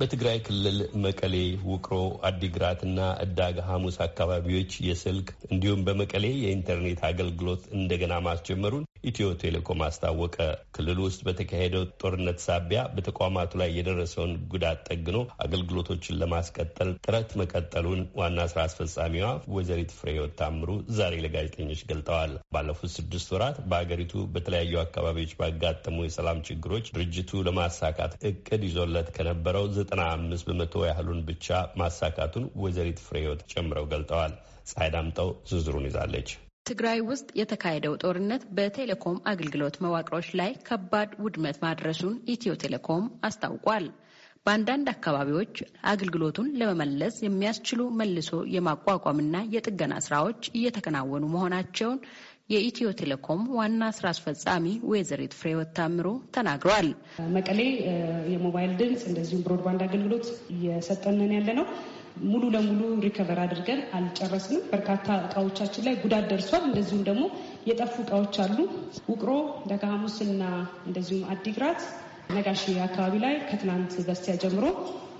በትግራይ ክልል መቀሌ፣ ውቅሮ፣ አዲግራትና ዕዳጋ ሐሙስ አካባቢዎች የስልክ እንዲሁም በመቀሌ የኢንተርኔት አገልግሎት እንደገና ማስጀመሩን ኢትዮ ቴሌኮም አስታወቀ። ክልል ውስጥ በተካሄደው ጦርነት ሳቢያ በተቋማቱ ላይ የደረሰውን ጉዳት ጠግኖ አገልግሎቶችን ለማስቀጠል ጥረት መቀጠሉን ዋና ስራ አስፈጻሚዋ ወይዘሪት ፍሬህይወት ታምሩ ዛሬ ለጋዜጠኞች ገልጠዋል። ባለፉት ስድስት ወራት በአገሪቱ በተለያዩ አካባቢዎች ባጋጠሙ የሰላም ችግሮች ድርጅቱ ለማሳካት እቅድ ይዞለት ከነበረው ዘጠና አምስት በመቶ ያህሉን ብቻ ማሳካቱን ወይዘሪት ፍሬህይወት ጨምረው ገልጠዋል። ፀሐይ ዳምጠው ዝርዝሩን ይዛለች። ትግራይ ውስጥ የተካሄደው ጦርነት በቴሌኮም አገልግሎት መዋቅሮች ላይ ከባድ ውድመት ማድረሱን ኢትዮ ቴሌኮም አስታውቋል። በአንዳንድ አካባቢዎች አገልግሎቱን ለመመለስ የሚያስችሉ መልሶ የማቋቋምና የጥገና ስራዎች እየተከናወኑ መሆናቸውን የኢትዮ ቴሌኮም ዋና ስራ አስፈጻሚ ወይዘሪት ፍሬወት ታምሮ ተናግረዋል። መቀሌ የሞባይል ድምፅ እንደዚሁም ብሮድባንድ አገልግሎት እየሰጠንን ያለ ነው። ሙሉ ለሙሉ ሪከቨር አድርገን አልጨረስንም። በርካታ እቃዎቻችን ላይ ጉዳት ደርሷል። እንደዚሁም ደግሞ የጠፉ እቃዎች አሉ። ውቅሮ፣ ደጋ እንደዚሁም አዲግራት ነጋሽ አካባቢ ላይ ከትናንት በስቲያ ጀምሮ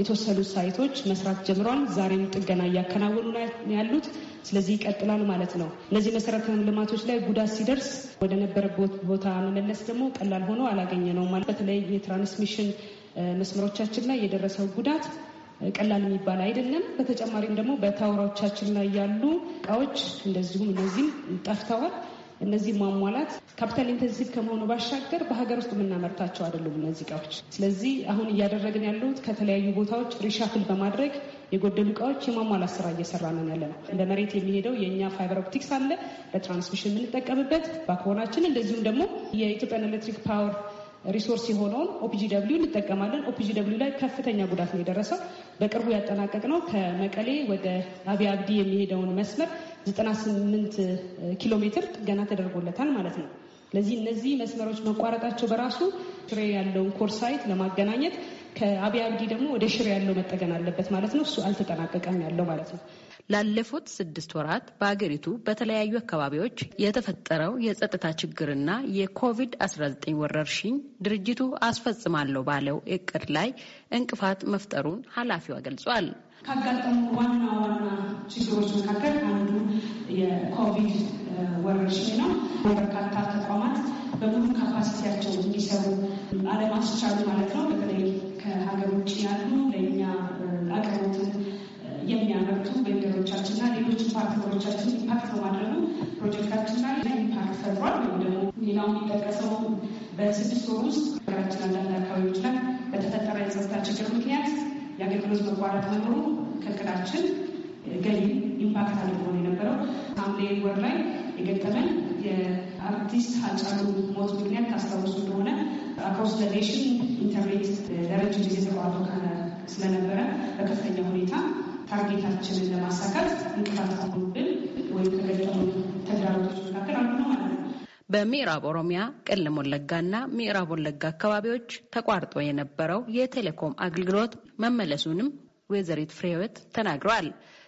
የተወሰኑ ሳይቶች መስራት ጀምሯል። ዛሬም ጥገና እያከናወኑ ያሉት ስለዚህ ይቀጥላል ማለት ነው። እነዚህ መሰረተ ልማቶች ላይ ጉዳት ሲደርስ ወደ ነበረበት ቦታ መመለስ ደግሞ ቀላል ሆኖ አላገኘ ነው ማለት በተለይ የትራንስሚሽን መስመሮቻችን ላይ የደረሰው ጉዳት ቀላል የሚባል አይደለም። በተጨማሪም ደግሞ በታወራዎቻችን ላይ ያሉ እቃዎች እንደዚሁም እነዚህም ጠፍተዋል። እነዚህ ማሟላት ካፒታል ኢንቴንሲቭ ከመሆኑ ባሻገር በሀገር ውስጥ የምናመርታቸው አይደሉም እነዚህ እቃዎች። ስለዚህ አሁን እያደረግን ያሉት ከተለያዩ ቦታዎች ሪሻፍል በማድረግ የጎደሉ እቃዎች የማሟላት ስራ እየሰራ ነን ያለ ነው። እንደ መሬት የሚሄደው የእኛ ፋይበር ኦፕቲክስ አለ ለትራንስሚሽን የምንጠቀምበት ባክቦናችን፣ እንደዚሁም ደግሞ የኢትዮጵያን ኤሌክትሪክ ፓወር ሪሶርስ የሆነውን ኦፒጂ ደብሊው እንጠቀማለን። ኦፒጂ ደብሊው ላይ ከፍተኛ ጉዳት ነው የደረሰው። በቅርቡ ያጠናቀቅ ነው ከመቀሌ ወደ አቢ አብዲ የሚሄደውን መስመር 98 ኪሎ ሜትር ጥገና ተደርጎለታል ማለት ነው። ስለዚህ እነዚህ መስመሮች መቋረጣቸው በራሱ ሽሬ ያለውን ኮርሳይት ለማገናኘት ከአብይ አብዲ ደግሞ ወደ ሽሬ ያለው መጠገን አለበት ማለት ነው። እሱ አልተጠናቀቀም ያለው ማለት ነው። ላለፉት ስድስት ወራት በአገሪቱ በተለያዩ አካባቢዎች የተፈጠረው የጸጥታ ችግርና የኮቪድ-19 ወረርሽኝ ድርጅቱ አስፈጽማለሁ ባለው እቅድ ላይ እንቅፋት መፍጠሩን ኃላፊዋ ገልጿል። ካጋጠሙ ዋና ዋና ችግሮች መካከል አንዱ ኮቪድ ወረርሽኝ ነው። በርካታ ተቋማት በሙሉ ካፓሲቲያቸው እንዲሰሩ አለማስቻሉ ማለት ነው። በተለይ ከሀገር ውጭ ያሉ ለእኛ አቅርቦትን የሚያመርቱ ቬንደሮቻችን እና ሌሎች ፓርትነሮቻችን ኢምፓክት በማድረጉ ፕሮጀክታችን ላይ ኢምፓክት ፈጥሯል። ወይም ደግሞ ሌላው የሚጠቀሰው በስድስት ወር ውስጥ ሀገራችን አንዳንድ አካባቢዎች ላይ በተፈጠረ የጸጥታ ችግር ምክንያት የአገልግሎት መቋረጥ መኖሩ ከእቅዳችን ገቢ ኢምፓክት አድርጎ ነው የነበረው። ሐምሌ ወር ላይ የገጠመን የአርቲስት ሀጫሉ ሞት ምክንያት ካስታውሱ እንደሆነ አክሮስ ኔሽን ኢንተርኔት ለረጅም ጊዜ ተቋርጦ ስለነበረ በከፍተኛ ሁኔታ ታርጌታችንን ለማሳካት እንቅፋት ሆኑብን ወይም ከገጠሙ ተግዳሮቶች መካከል አንዱ ነው ማለት ነው። በምዕራብ ኦሮሚያ ቄለም ወለጋና ምዕራብ ወለጋ አካባቢዎች ተቋርጦ የነበረው የቴሌኮም አገልግሎት መመለሱንም ወይዘሪት ፍሬህይወት ተናግረዋል።